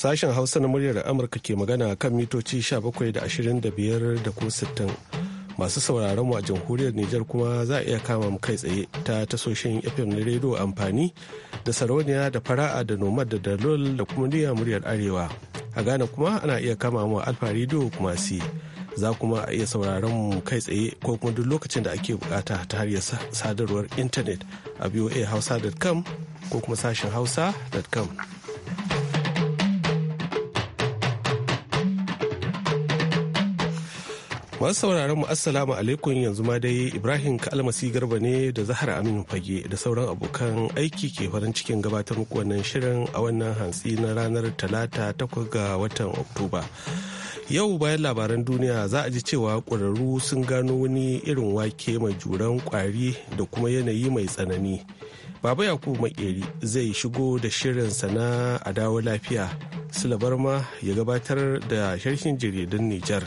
Sashen Hausa na muryar Amurka ke magana kan mitoci 17 da 25 da ko 60. Masu sauraron mu a jamhuriyar Nijar kuma za a iya kama mu kai tsaye ta tasoshin FM na rediyo amfani da sarauniya da fara'a da nomad da dalol da kuma niyar muryar Arewa. A Ghana kuma ana iya kama mu Alfa rediyo kuma si. Za kuma a iya sauraron mu kai tsaye ko kuma duk lokacin da ake bukata ta hanyar sadarwar intanet a voahausa.com ko kuma sashen hausa.com. Masu sauraron mu assalamu alaikum yanzu ma dai Ibrahim Kalmasi Garba ne da zahar Aminu Fage da sauran abokan aiki ke farin cikin gabatar muku wannan shirin a wannan hantsi na ranar Talata takwas ga watan Oktoba. Yau bayan labaran duniya za a ji cewa ƙwararru sun gano wani irin wake mai juran kwari da kuma yanayi mai tsanani. Baba Yakubu Makeri zai shigo da shirin na a dawo lafiya. ma ya gabatar da sharhin jaridun Nijar.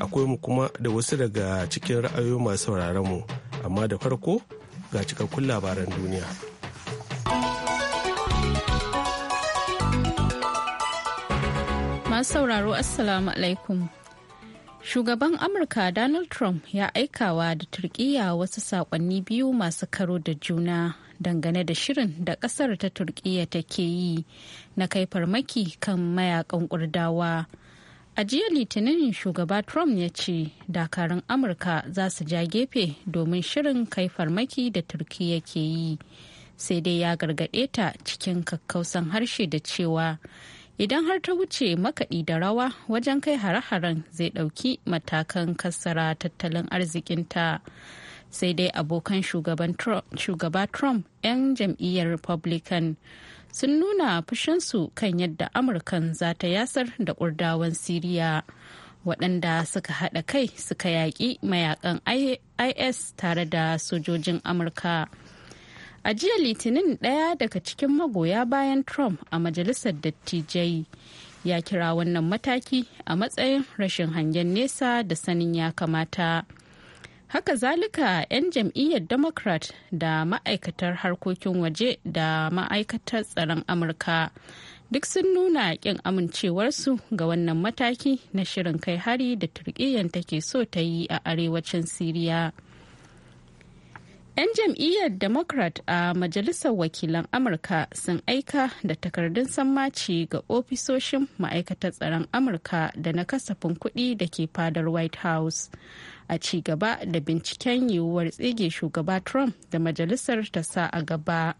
akwai mu kuma da wasu daga cikin ra'ayoyi masu sauraron mu amma da farko ga cikakkun labaran duniya masu sauraro assalamu alaikum Shugaban Amurka Donald Trump ya aikawa da Turkiyya wasu saƙonni biyu masu karo da juna dangane da shirin da ƙasar ta Turkiyya take yi na kai farmaki kan mayakan kurdawa A jiya Litinin shugaba Trump ya ce dakarun Amurka za su ja gefe domin shirin kai farmaki da Turki yake yi. Sai dai ya gargaɗe ta cikin kakkausan harshe da cewa idan har ta wuce makaɗi da rawa wajen kai hare-haren zai ɗauki matakan kassara tattalin arzikinta. Sai dai abokan shugaba Trump 'yan jam'iyyar Republican sun nuna fushinsu kan yadda amurkan za ta yasar da kurdawan siriya waɗanda suka haɗa kai suka yaƙi mayakan is tare da sojojin amurka a jiya litinin ɗaya daga cikin magoya bayan trump a majalisar dattijai ya kira wannan mataki a matsayin rashin hangen nesa da sanin ya kamata haka zalika 'yan jam'iyyar democrat da ma'aikatar harkokin waje da ma'aikatar tsaron amurka duk sun nuna kin amincewarsu ga wannan mataki na shirin kai hari da turkiyyar take so ta yi a arewacin siriya 'yan jam'iyyar democrat a majalisar wakilan amurka sun aika da takardun sammaci ga ofisoshin ma'aikatar tsaron amurka da na kasafin kuɗi da ke fadar white house a ci gaba da binciken yiwuwar tsige shugaba trump da majalisar ta sa a gaba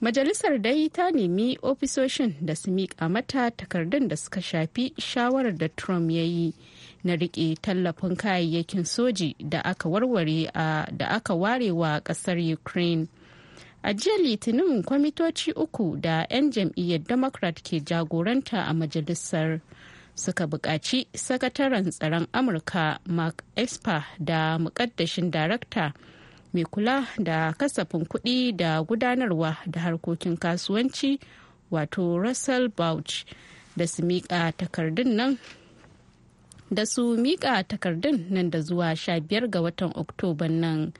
majalisar dai ta nemi ofisoshin da su miƙa mata takardun da suka shafi shawarar da trump ya yi na riƙe tallafin kayayyakin soji da aka warware da aka ware wa ƙasar ukraine a jiya litinin kwamitoci uku da 'yan jam'iyyar democrat ke jagoranta a majalisar suka buƙaci sakataren tsaron amurka mark esper da muƙaddashin darakta mai kula da kasafin kuɗi da gudanarwa da harkokin kasuwanci wato russell bauch da su miƙa takardun nan da su miƙa takardun nan da zuwa 15 ga watan oktoban nan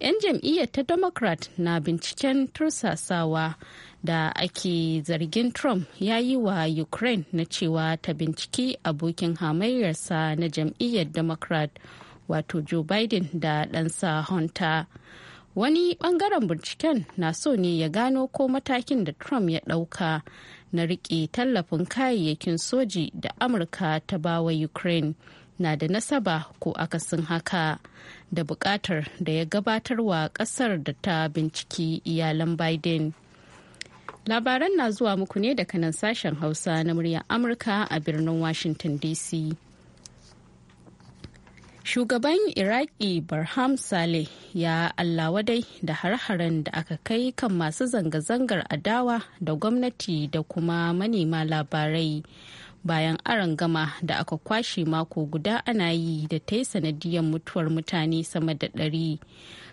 'yan jam'iyyar ta democrat na binciken tursasawa da ake zargin Trump ya yi wa Ukraine na cewa ta binciki abokin hamayyarsa na jam'iyyar Democrat wato Joe Biden da ɗansa Hunter. Wani ɓangaren binciken na so ne ya gano ko matakin da Trump ya ɗauka na riƙe tallafin kayayyakin soji da Amurka ta bawa Ukraine. na da nasaba ko akasin haka da buƙatar da ya gabatar wa kasar da ta binciki iyalan biden Labaran na zuwa muku ne daga nan sashen Hausa na muryar Amurka a birnin Washington DC. Shugaban Iraki Barham Saleh ya Allah wadai da har-haren da aka kai kan masu zanga-zangar adawa da gwamnati da kuma manema labarai bayan aron gama da aka kwashe mako guda ana yi da ta yi sanadiyar mutuwar mutane sama da ɗari.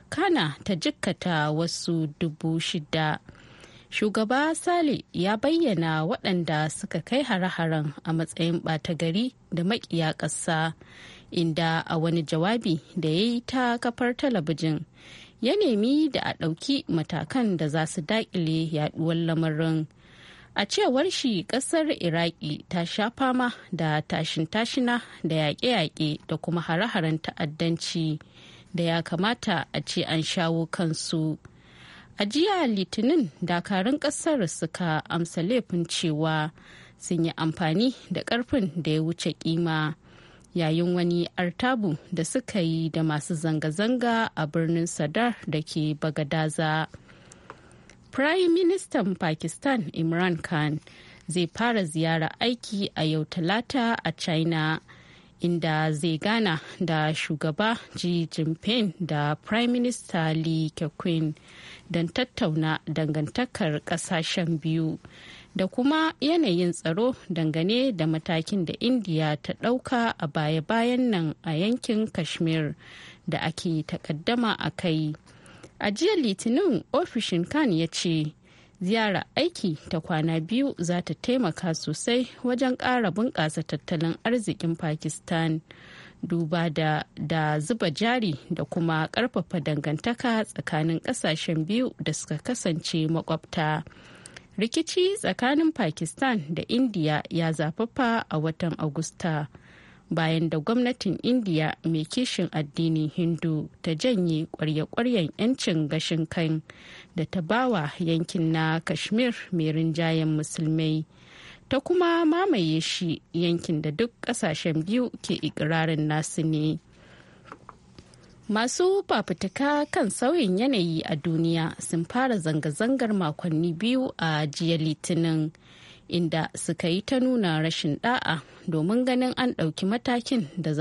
Kana ta jikkata wasu dubu shida. shugaba sale ya bayyana waɗanda suka kai hare-haren a matsayin ɓata gari da maƙiya ƙasa inda a wani jawabi da ya yi ta kafar talabijin ya nemi da a ɗauki matakan da za su daƙile yaɗuwar lamarin a cewar shi ƙasar iraki ta sha fama da tashin-tashina da yaƙe-yaƙe da kuma hare-haren ta'addanci da ya kamata a ce an shawo kansu. a jiya litinin dakarun kasar suka amsa laifin cewa sun yi amfani da karfin da ya wuce kima yayin wani artabu da suka yi da masu zanga-zanga a birnin sadar da ke bagadaza prime Minister pakistan imran khan zai fara ziyara aiki a yau talata a china inda zai gana da shugaba Xi Jinping da Prime Minister Li Keqiang don tattauna dangantakar kasashen biyu da kuma yanayin tsaro dangane da matakin da Indiya ta ɗauka a baya-bayan nan a yankin Kashmir da ake takaddama a kai. A jiya Litinin ofishin Khan ya ce ziyara aiki ta kwana biyu za ta taimaka sosai wajen ƙara bunƙasa tattalin arzikin pakistan duba da, da zuba jari da kuma ƙarfafa dangantaka tsakanin ƙasashen biyu da suka kasance makwabta rikici tsakanin pakistan da indiya ya zafafa a watan agusta bayan da gwamnatin indiya mai kishin addinin hindu ta janye kwarye-kwaryen 'yancin gashin kan da ta bawa yankin na kashmir mai rinjayen musulmai ta kuma mamaye shi yankin da duk ƙasashen biyu ke ikirarin nasu ne masu fafutuka kan sauyin yanayi a duniya sun fara zanga-zangar makonni biyu a jiya litinin inda suka yi ta nuna rashin da'a domin ganin an ɗauki matakin da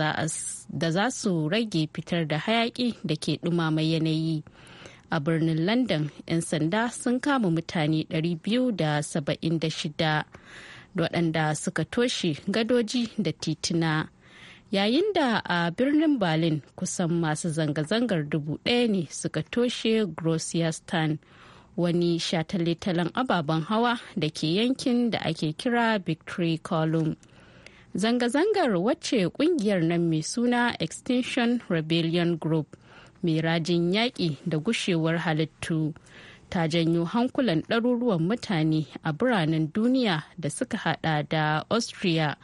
za su rage fitar da hayaƙi da ke ɗumama yanayi a birnin london 'yan sanda sun kama mutane 276 waɗanda suka toshe gadoji da tituna yayin da a birnin berlin kusan masu zanga-zangar dubu ɗaya ne suka toshe grossier stand wani shataletalen ababen hawa da ke yankin da ake kira victory column zanga-zangar wacce kungiyar nan mai suna extinction rebellion group mai rajin yaƙi da gushewar halittu ta janyo hankulan ɗaruruwan mutane a biranen duniya da suka hada da austria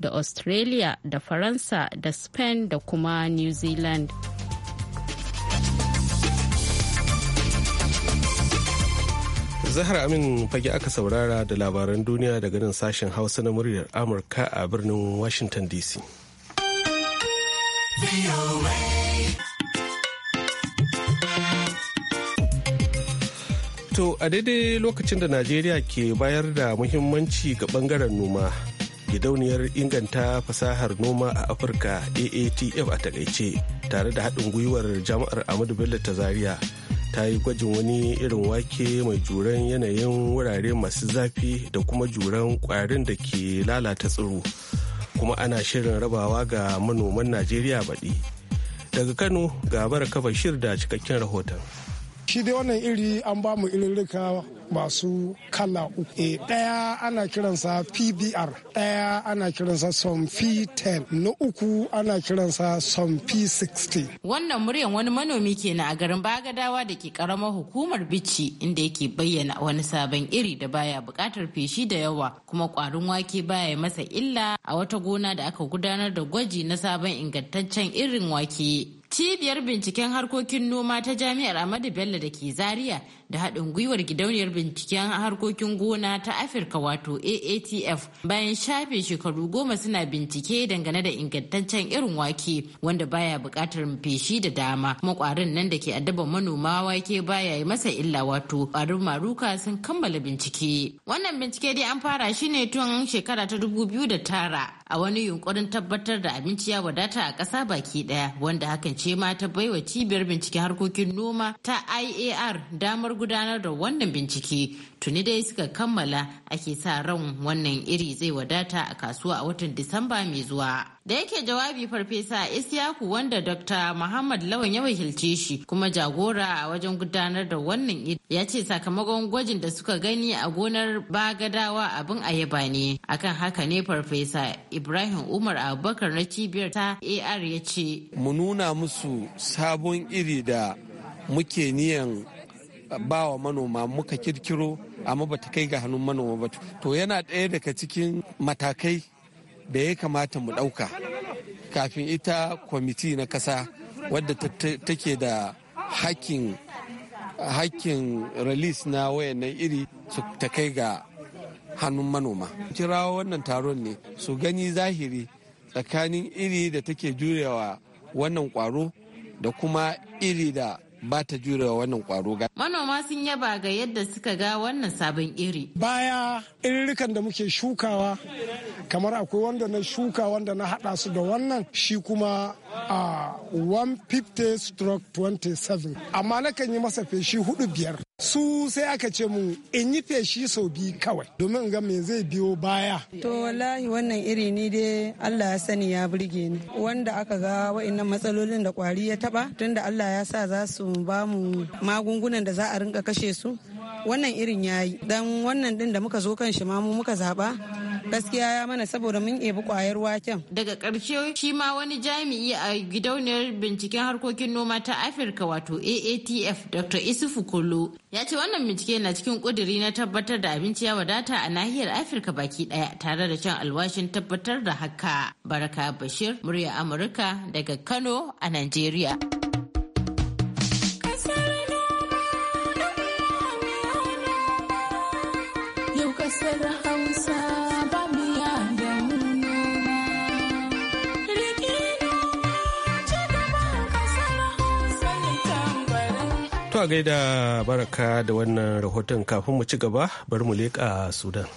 da australia da faransa da spain da kuma new zealand. Zahar Amin fage aka saurara da labaran duniya daga nan sashen Hausa na muryar Amurka a birnin Washington DC. To a daidai lokacin da Najeriya ke bayar da muhimmanci ga bangaren noma, gidauniyar inganta fasahar noma a Afirka AATF a takaice tare da haɗin gwiwar jami'ar Ahmadu Bello ta Zaria. ta yi gwajin wani irin wake mai juran yanayin wurare masu zafi da kuma juran kwarin da ke lalata tsiro kuma ana shirin rabawa ga manoman najeriya baɗi daga kano ga baraka kafa da cikakken rahoton shi dai wannan iri an ba mu irin masu kala uku e eh, ɗaya ana kiransa pbr ɗaya ana kiransa p 10 na uku ana kiransa p 60 wannan muryan wani manomi kenan a garin bagadawa da ke karamar hukumar bici inda yake bayyana wani sabon iri da baya buƙatar feshi da yawa kuma ƙwarin wake baya masa illa a wata gona da aka gudanar da gwaji na sabon ingantaccen irin wake Cibiyar binciken harkokin noma ta Jami'ar Ahmadu Bello da ke Zaria da haɗin gwiwar gidauniyar binciken harkokin gona ta Afirka wato AATF bayan shafe shekaru goma suna bincike dangane da ingantaccen irin wake wanda baya buƙatar feshi da dama. Makwarin nan da ke addaban manoma wake baya yi masa illa wato ƙwarin maruka sun kammala bincike. Wannan bincike dai an fara shi ne tun shekara ta dubu biyu da tara. a wani yunkurin tabbatar da abinci ya wadata a ƙasa baki ɗaya wanda hakan ce ma ta baiwa cibiyar binciken harkokin noma ta IAR damar gudanar da wannan bincike tuni dai suka kammala ake sa ran wannan iri zai wadata a kasuwa a watan disamba mai zuwa da yake jawabi farfesa isyaku wanda dr muhammad lawan ya wakilce shi kuma jagora a wajen gudanar da wannan iri ya ce sakamakon gwajin da suka gani a gonar bagadawa abin ayaba ne akan haka ne farfesa ibrahim umar abubakar na cibiyar ta ar ya ce mu nuna musu sabon iri da muke niyan ba wa manoma muka kirkiro amma ba ta kai ga hannun manoma ba to yana ɗaya daga cikin matakai da ya kamata mu ɗauka kafin ita kwamiti na ƙasa wadda take da hakkin release na wayannan iri su ta kai ga hannun manoma kirawo wannan taron ne su gani zahiri tsakanin iri da take jurewa wannan kwaro da kuma iri da ba ta jure wa wannan kwaro ga. Manoma sun yaba ga yadda suka ga wannan sabon iri. Baya iririkan da muke shukawa kamar akwai wanda na shuka wanda na hada su da wannan shi kuma a 150 stroke 27 amma nakan yi masa feshi hudu biyar su sai aka ce mu in yi feshi sau biyu kawai domin ga me zai biyo baya to wallahi wannan iri ni dai Allah ya sani ya burge ni wanda aka ga wa'annan matsalolin da kwari ya taba tunda Allah ya sa za su ba mu magungunan da za a rinka kashe su wannan irin yayi dan wannan din da muka zo kan shi ma mu muka zaba gaskiya ya mana saboda mun ebi kwayar waken daga karshe shi ma wani jami'i a gidauniyar binciken harkokin noma ta afirka wato aatf dr isufu kolo ya ce wannan bincike na cikin kuduri na tabbatar da abinci ya wadata a nahiyar afirka baki ɗaya tare da can alwashin tabbatar da haka baraka bashir murya amurka daga kano a najeriya a gaida baraka da wannan rahoton kafin mu ci gaba bari mu leƙa Sudan.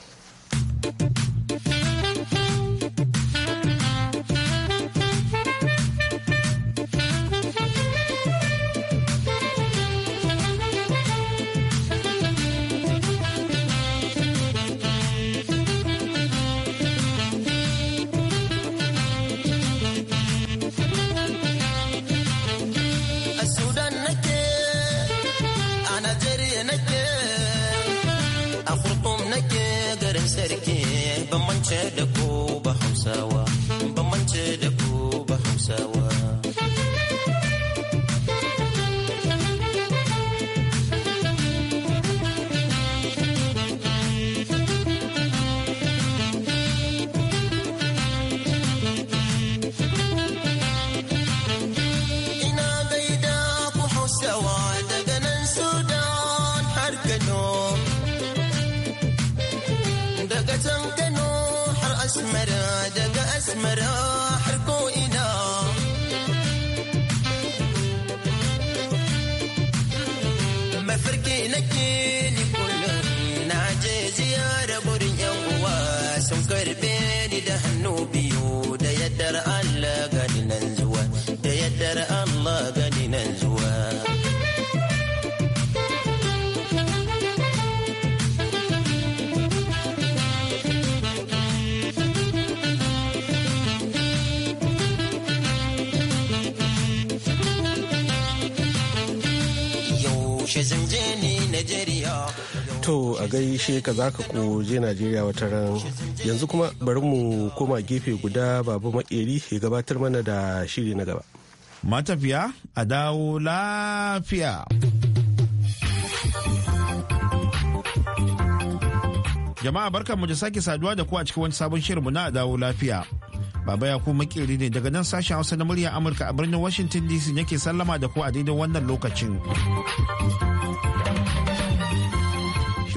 a gaishe ka za ka koje najeriya wata ran yanzu kuma bari mu koma gefe guda babu makeri ya gabatar mana da shiri na gaba matafiya a dawo lafiya jama'a barkanmu da sake saduwa da ku a cikin wani sabon shirinmu na dawo lafiya baba ya ku makeri ne daga nan sashen hausa na murya amurka a birnin washington dc yake sallama da ku a daidai wannan lokacin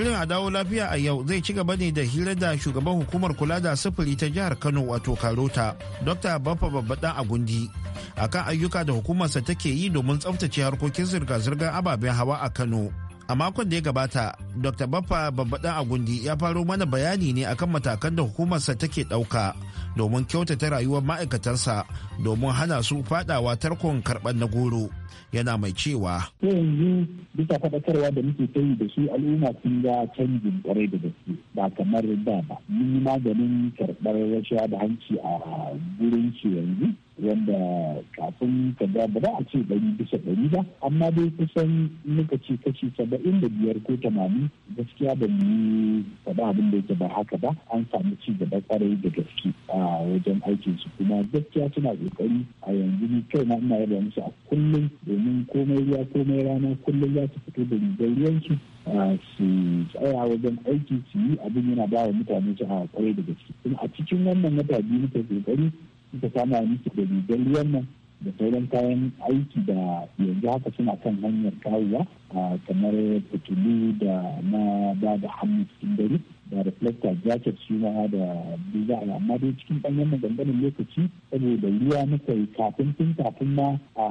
Shirin a dawo lafiya a yau zai ci gaba ne da hira da shugaban hukumar kula da sufuri ta jihar Kano wato Karota, Dr. Baffa Babbaɗan Agundi, akan ayyuka da hukumarsa take yi domin tsaftace harkokin zirga-zirgar ababen hawa a Kano. A makon da ya gabata, Dr. Baffa Babbaɗan Agundi ya faro mana bayani ne akan matakan da hukumarsa take ɗauka domin kyautata rayuwar ma'aikatarsa domin hana su faɗawa tarkon karɓar na goro. yana mai cewa yanzu bisa faɗakarwa da muke sayi da shi al'umma sun ga canjin ƙwarai da gaske ba kamar da ba mun yi maganin karɓar rashawa da hanci a gurin shi yanzu wanda kafin ka ga ba za a ce ɗari bisa ɗari ba amma dai kusan muka ce kashi saba'in da biyar ko tamanin gaskiya ba mu yi faɗa abin da yake ba haka ba an samu ci gaba kwarai da gaske a wajen aikin su kuma gaskiya suna ƙoƙari a yanzu ni na ina yaba musu a kullum domin komai ruwa komai rana kullum za su fito da rigar ruwansu su tsaya wajen aiki su yi abin yana ba wa mutane su a kwarai da gaske kuma a cikin wannan mata biyu muka ƙoƙari suka sama musu da rigar wannan da sauran kayan aiki da yanzu haka suna kan hanyar kawowa kamar fitilu da na ba da hannu cikin dare da reflector jacket shi ma da a amma dai cikin ɗanyen wannan lokaci saboda ruwa muka yi kafin tun kafin ma a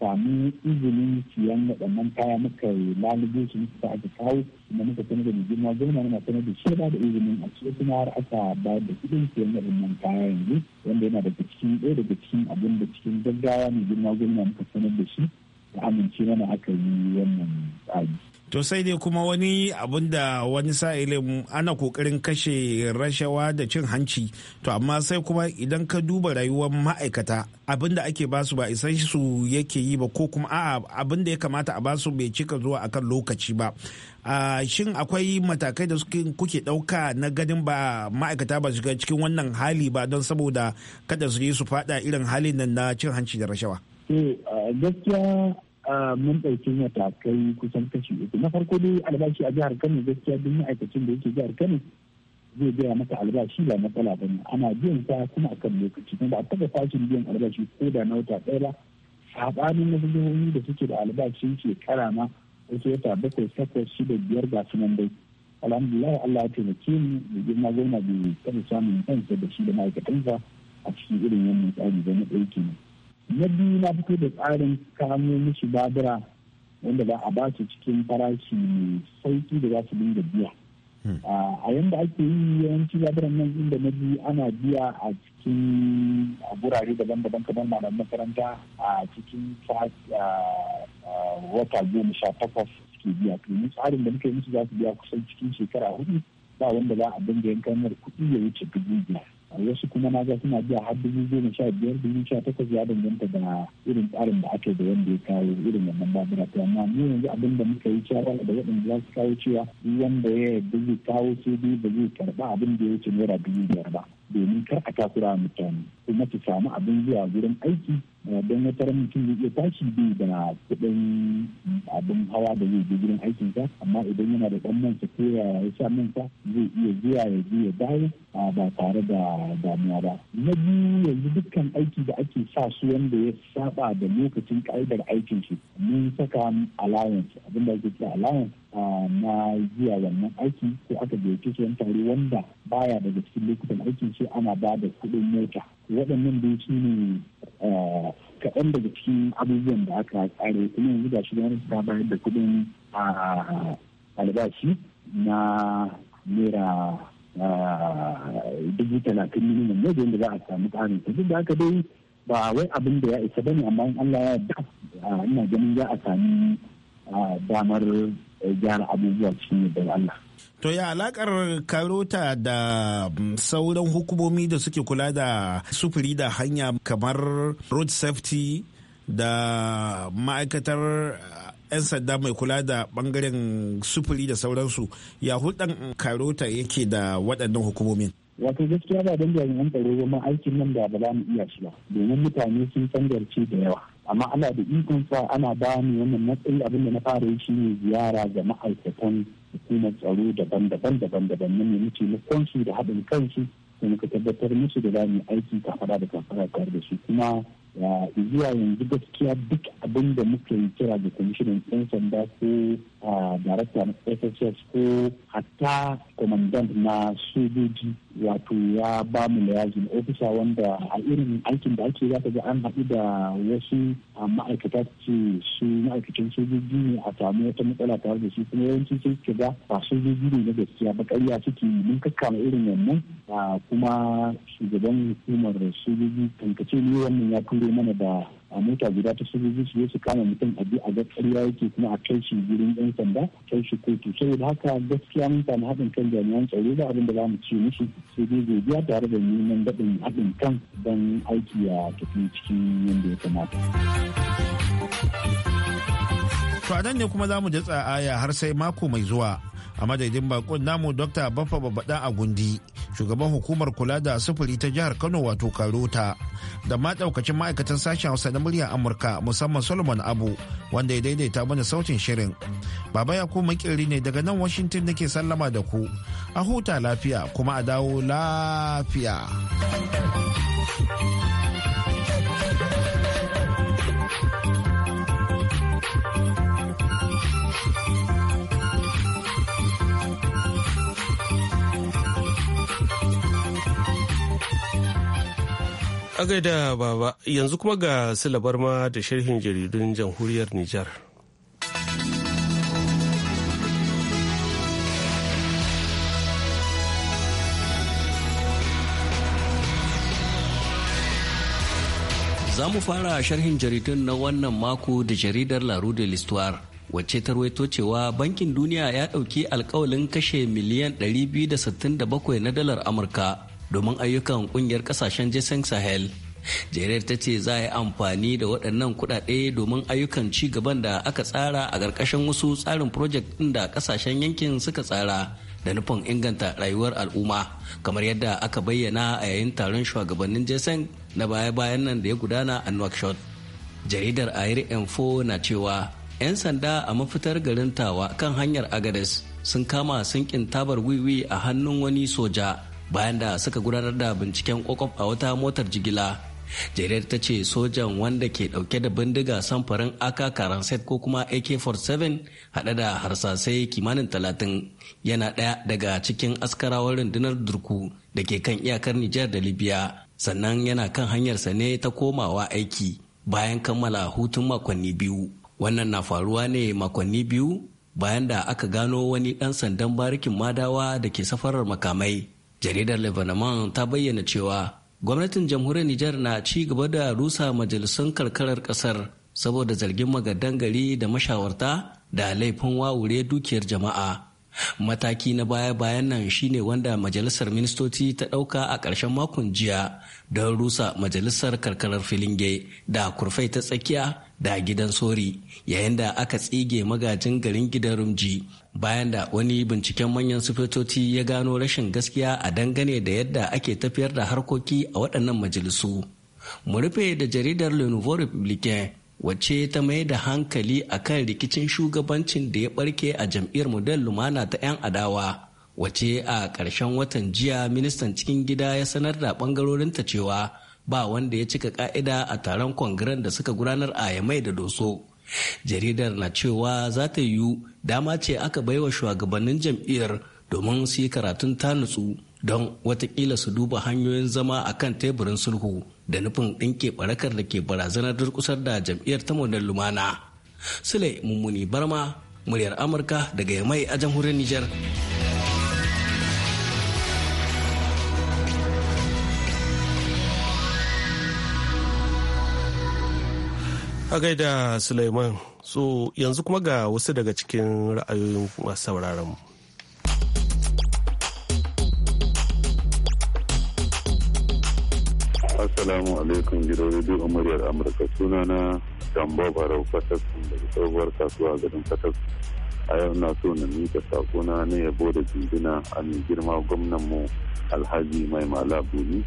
sami izinin siyan waɗannan kaya muka yi lalubo su muka aka kawo kuma muka sanar da girma gwamna muna sanar da shaida da izinin a cikin kuma har aka ba da kuɗin siyan waɗannan kaya yanzu wanda yana daga cikin ɗaya daga cikin abin da cikin gaggawa ne girma gwamna muka sanar da shi da amince mana aka yi wannan tsari. to sai dai kuma wani abun da wani sa'ilin ana kokarin kashe rashawa da cin hanci to amma sai kuma idan ka duba rayuwar ma'aikata abin da ake basu ba isan su yake yi ba ko kuma a'a abin da ya kamata a basu bai cika zuwa akan lokaci ba shin akwai matakai da suke kuke ɗauka na ganin ba ma'aikata ba shiga cikin wannan hali ba don saboda kada su yi su fada irin halin nan na cin hanci da rashawa? Eh, gaskiya mun ɗauki matakai kusan kashi uku na farko dai albashi a jihar kano gaskiya duk ma'aikacin da yake jihar kano zai gaya maka albashi ba matsala ba ana biyan sa kuma a kan lokaci ba a taɓa fashin biyan albashi ko da na wata ɗaya ba saɓanin wasu jihohi da suke da albashin shekara ma wasu wata bakwai takwas shida biyar ga su nan dai alhamdulillah Allah ya taimake mu da girma gwamna bai taɓa samun kansa da shi da ma'aikatansa a cikin irin wannan tsari da na ɗauki ne. na biyu na fito da tsarin kamo musu babura wanda ba a ba su cikin farashi mai sauki da za su dinga biya hmm. a yanda ake yi yawanci baburan nan inda na biyu ana biya a cikin gurare daban-daban kamar malaman makaranta a cikin wata goma sha takwas suke biya to tsarin da muka yi musu za su biya kusan cikin shekara hudu ba wanda za a dinga yankan kuɗi ya wuce dubu biyar wasu kuma na ga suna biya har dubu goma sha biyar dubu sha takwas ya danganta da irin tsarin da ake da wanda ya kawo irin wannan babura to amma mu yanzu abin da muka yi cewa da waɗanda za su kawo cewa wanda ya yi kawo su biyu ba zai karɓa abin da ya wuce naira dubu biyar ba domin kar a takura mutane kuma su samu abin zuwa wurin aiki eh, don wata mutum zai iya tashi bai da kuɗin abin hawa da zai je wurin aikinsa amma idan yana da ɗan mansa ko ya sa mansa zai iya zuwa ya je ya dawo ba tare da damuwa ba na biyu yanzu dukkan aiki da ake sa su wanda ya saba da lokacin ka'idar aikin shi mun saka allowance abin da ake kira allowance na zuwa wannan aiki ko aka gayyace su wani tare wanda baya daga cikin lokutan aikin sai ana ba da kuɗin mota waɗannan dai su ne kaɗan daga cikin abubuwan da aka tsare kuma yanzu ga shi gwamnati ta bayar da kuɗin albashi na naira dubu talatin miliyan ne da za a samu ƙarin duk da aka dai ba wai abin da ya isa ba ne amma in Allah ya yarda ina ganin za a sami damar gyara abubuwa cikin yardar Allah. To ya alakar karota da mm, sauran hukumomi da suke kula da sufuri da hanya kamar road safety da ma'aikatar eh, 'yan sanda mai kula da bangaren sufuri da sauransu ya hulɗan karota yake da waɗannan hukumomin. wato gaskiya ba don jami'an tsaro ba aikin nan da ba za mu iya shi ba domin mutane sun canjarci da yawa amma ana da ikon sa ana ba ni wannan matsayi abinda na fara yi shine ziyara ga ma'aikatan hukumar tsaro daban-daban daban-daban na nemi taimakon da haɗin kansu da muka tabbatar musu da za mu aiki kafada da kafada da su kuma zuwa yanzu gaskiya duk abin da muka yi kira da kwamishinan 'yan sanda ko darakta na sss ko hatta komandant na sojoji wato ya ba mu layazin ofisa wanda a irin aikin da ake zata ga an haɗu da wasu ma'aikata ce su ma'aikacin sojoji ne a samu wata matsala tare da su kuma yawanci sai ke ga ba sojoji ne na gaskiya ba ƙarya suke mun kakkama irin wannan kuma shugaban hukumar sojoji tankace ne wannan ya turo mana da a mota guda ta sojoji su su kama mutum a bi a ga ƙarya yake kuma a kai shi gurin yan sanda kai shi kotu saboda haka gaskiya mun samu haɗin kan jami'an tsaro ba abin da za mu ce musu sai dai biya tare da neman daɗin haɗin kan don aiki a tafi cikin yadda ya kamata. To a ne kuma za mu jatsa aya har sai mako mai zuwa a madadin bakon namu Dr. Baffa babbaɗa a gundi shugaban hukumar kula da sufuri ta jihar kano wato karota da ma daukacin ma'aikatan sashen hausa na muryar amurka musamman solomon abu wanda ya daidaita mana sautin shirin baba ya kuma makirri ne daga nan washington nake sallama da ku a huta lafiya kuma a dawo lafiya A da, baba yanzu kuma ga silabar ma da sharhin jaridun jamhuriyar Nijar. Za mu fara sharhin jaridun na wannan mako da jaridar de Listuwar. wacce ta cewa bankin duniya ya ɗauki alkawalin kashe miliyan 267 na dalar amurka domin ayyukan kungiyar kasashen jason sahel jerry ta ce za a yi amfani da waɗannan kuɗaɗe domin ayyukan ci gaban da aka tsara a ƙarƙashin wasu tsarin project ɗin da ƙasashen yankin suka tsara da nufin inganta rayuwar al'umma kamar yadda aka bayyana a yayin taron shugabannin jason na baya-bayan nan da ya gudana a nouakchott jaridar air info na cewa 'yan sanda a mafitar garin tawa kan hanyar agades sun kama sinkin tabar wiwi a hannun wani soja bayan da suka gudanar da binciken kwakwaf a wata motar jigila jaridar ta ce sojan wanda ke dauke da bindiga samfarin aka karanset ko kuma ak-47 hada da harsasai kimanin talatin yana daya daga cikin askarawar rundunar durku da ke kan iyakar nijar da libya sannan yana kan hanyarsa ne ta komawa aiki bayan kammala hutun makonni biyu wannan na faruwa ne makonni biyu bayan da aka gano wani ɗan sandan barikin madawa da ke safarar makamai jaridar lebanon ta bayyana cewa gwamnatin jamhuriyar nijar na ci gaba da rusa majalisun karkarar kasar saboda zargin magadan gari da mashawarta da laifin wawure dukiyar jama'a mataki na baya-bayan nan shine wanda majalisar ministoci ta ɗauka a ƙarshen makon jiya don rusa majalisar karkarar filinge da kurfai ta tsakiya da gidan sori yayin da aka tsige magajin garin gidan rumji bayan da wani binciken manyan sufetoci ya gano rashin gaskiya a dangane da yadda ake tafiyar da harkoki a waɗannan majalisu. Mu rufe da jaridar Le Nouveau Republicain wacce ta mai da hankali a kan rikicin shugabancin da ya barke a jam'iyyar model lumana ta 'yan adawa wacce a ƙarshen watan jiya ministan cikin gida ya sanar da ɓangarorinta cewa ba wanda ya cika ƙa'ida a taron kwangiren da suka gudanar a yamai da doso jaridar na cewa za ta yiwu dama ce aka baiwa shugabannin jam'iyyar domin su yi karatun ta nutsu don watakila su duba hanyoyin zama a kan teburin sulhu da nufin ɗinke barakar da ke barazanar durkusar da jam'iyyar ta modern lumana sule mummuni barma muryar amurka daga yamai a jamhuriyar nijar. a gaida suleiman so yanzu kuma ga wasu daga cikin ra'ayoyin masu sauraron mu Assalamu alaikum gidan rediyo muryar Amurka sunana Gambo Barau Fatas daga tsohuwar kasuwa garin Fatas a yau na so na mika sakona na yabo da jinjina a mai girma gwamnan mu alhaji mai buni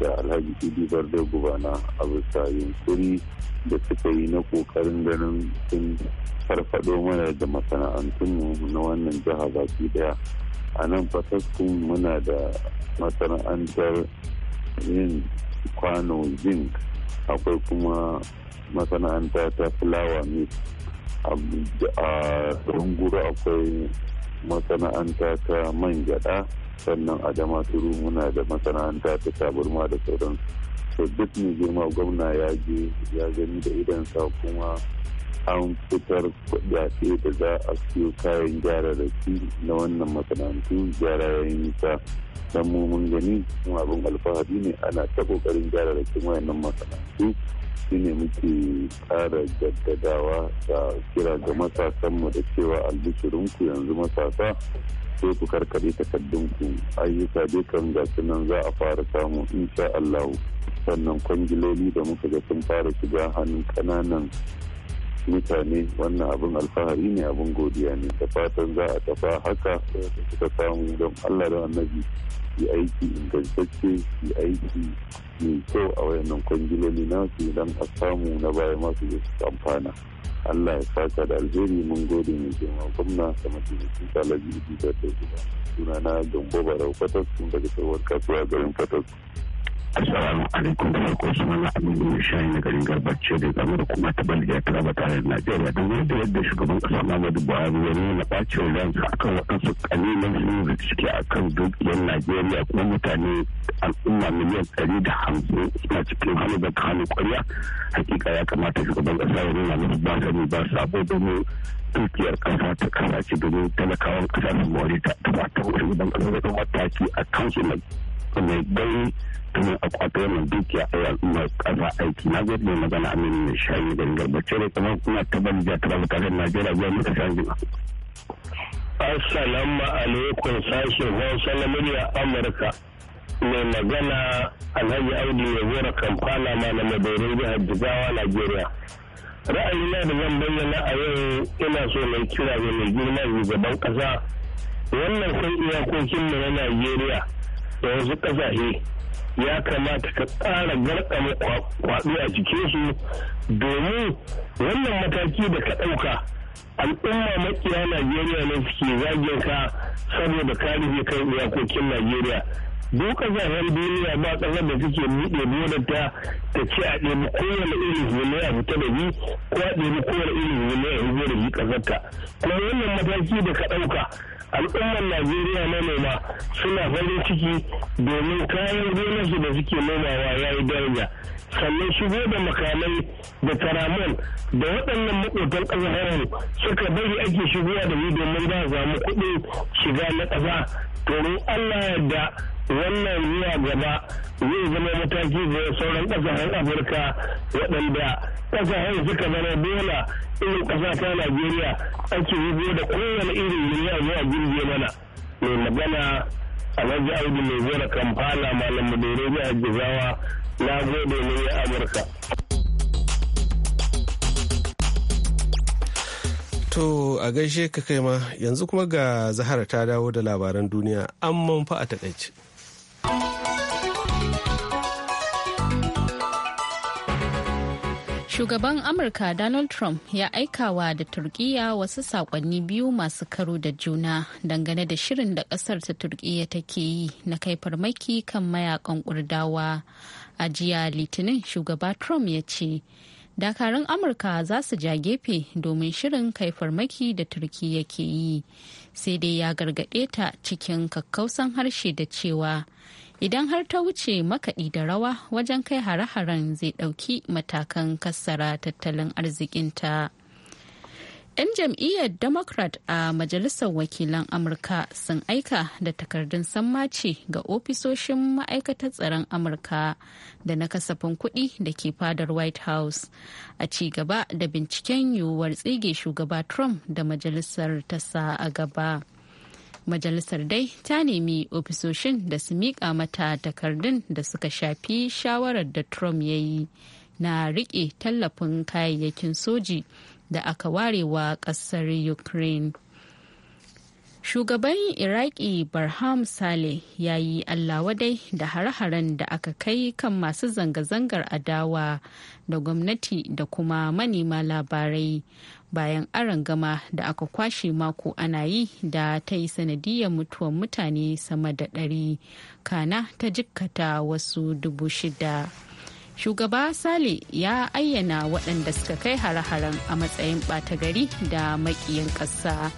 da alhaji idi barde gubana a bisa yunkuri da suka yi na kokarin ganin sun farfado mana da masana'antunmu na wannan jiha baki daya a nan fasaskun muna da masana'antar yin kwano zinc akwai kuma masana'anta ta fulawa mai a garin akwai masana'anta ta man gyada sannan a damaturu muna da masana'anta ta taburma da sauransu to duk mai girma gwamna ya je ya gani da idansa kuma an fitar kudi da za a siyo kayan gyara da shi na wannan masana'antu gyara yayin nisa don mu mun gani kuma abin alfahari ne ana ta kokarin gyara da cikin wayannan masana'antu shine muke kara jaddadawa da kira ga matasanmu da cewa albishirinku yanzu matasa sai ku karkare takaddunku ayyuka dai kan gasu nan za a fara samu insha allahu sannan kwangiloli da muka ga sun fara shiga hannun kananan. mutane wannan abin alfahari ne abin godiya ne da fatan za a tafa haka da suka samu don allah da annabi yi aiki ingantacce yi aiki mai kyau a wayannan kwangiloli nasu don a samu na baya masu da su amfana allah ya saka da alheri mun gode mai girma gwamna da mataimakin talabi da ta suna na gambo barau fatasku daga tsohuwar kasuwa garin fatasku Assalamu alaikum da farko suna na Aminu Shayi na garin Garbace da zama da kuma ta Balija ta raba tarayyar Najeriya don yadda yadda shugaban kasa Muhammadu Buhari ya nuna bacin ransa akan waɗansu kalilan sun da suke akan dukiyar Najeriya kuma mutane al'umma miliyan ɗari da hamsin suna cikin hannu da hannu ƙwarya hakika ya kamata shugaban kasa ya nuna musu ba sani ba sabo domin dukiyar kasa ta kasa ce domin talakawan kasa su more ta ta fata shugaban kasa da mataki a kansu mai bai kuma a kwato mai dukiya a al'ummar kafa aiki na gode mai magana aminu mai shayi da garbace da kuma kuma tabbata da tabbata kasar najeriya zuwa muka shan jima. assalamu alaikum sashen hausa na murya amurka mai magana alhaji audu ya zura kamfana malamai dorin jihar jigawa najeriya na da zan bayyana a yau ina so mai kira ga mai girma shugaban kasa wannan kan iyakokin mu na najeriya da wasu ƙasashe ya kamata ka ƙara garkama kwaɗo a su domin wannan mataki da ka ɗauka al'umma makiya najeriya ne suke zagin ka saboda ka rufe kan iyakokin najeriya duk ƙasashen duniya ba ƙasar da suke buɗe bodar ta ta ce a ɗebi kowane irin zuwa a fita da bi ko a ɗebi kowane irin zuwa a fito da bi ƙasarta kuma wannan mataki da ka ɗauka al'ummar najeriya noma suna farin ciki domin kayan gonarsu da suke nomawa ya yi daraja sannan shigo da makamai da taramon da waɗannan maƙotan ƙasa suka bari ake shigowa da ni domin za a samu kuɗin shiga na ƙasa to allah da wannan zuwa gaba zai zama mataki ga sauran kasashen afirka waɗanda kasashen suka zama dola irin ƙasa ta najeriya ake yi da kowane irin duniya zuwa jirgi mana mai magana wajen audu mai zuwa kampala malam madoro a jigawa na gode ne amurka To a gaishe ka kai ma yanzu kuma ga Zahara ta dawo da labaran duniya an fa a takaice. Shugaban Amurka Donald Trump ya aikawa da Turkiyya wasu sakonni biyu masu karo da juna dangane da shirin da kasar ta Turkiyya take yi na kai farmaki kan mayakan kurdawa. A jiya Litinin shugaba Trump ya ce, dakarun amurka za su ja gefe domin shirin kai farmaki da turkiyya ke yi sai dai ya gargaɗe ta cikin kakkausan harshe da cewa idan har ta wuce makaɗi da rawa wajen kai hare-haren zai ɗauki matakan kassara tattalin arzikinta. 'Yan jam'iyyar Democrat a Majalisar Wakilan Amurka sun aika da takardun sammaci ga ofisoshin ma'aikatar tsaron Amurka da na kasafin kuɗi da ke fadar White House a cigaba da binciken yiwuwar tsige shugaba Trump da majalisar ta sa a gaba. majalisar dai ta nemi ofisoshin da su miƙa mata takardun da suka shafi shawarar da trump ya yi na riƙe tallafin kayayyakin soji da aka ware wa ƙasar ukraine shugaban iraki barham saleh ya yi allah wadai da hare-haren da aka kai kan masu zanga-zangar adawa da gwamnati da kuma manema labarai bayan aron gama da aka kwashe mako ana yi da ta yi sanadiyar mutuwar mutane sama da ɗari kana ta jikkata wasu dubu shida shugaba sale ya ayyana waɗanda suka kai hare-haren a matsayin ɓata gari da maƙiyin ƙasa.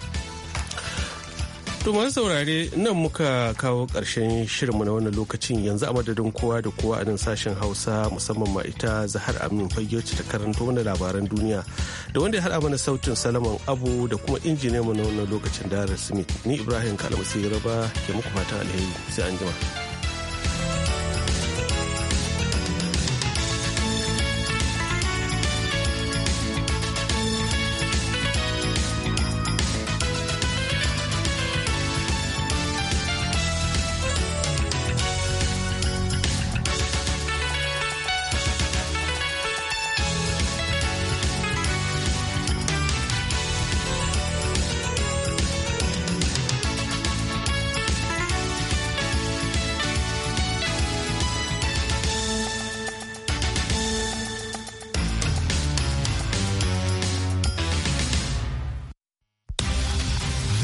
To masu saurare nan muka kawo ƙarshen shirinmu na wannan lokacin yanzu a madadin kowa da kowa a nan sashen Hausa musamman ma ita Zahar Amin fage ta karanto mana labaran duniya da wanda ya haɗa mana sautin Salaman Abu da kuma injiniyanmu na wannan lokacin Dara Smith ni Ibrahim Kalmasi raba ke muku fatan alheri sai an jima.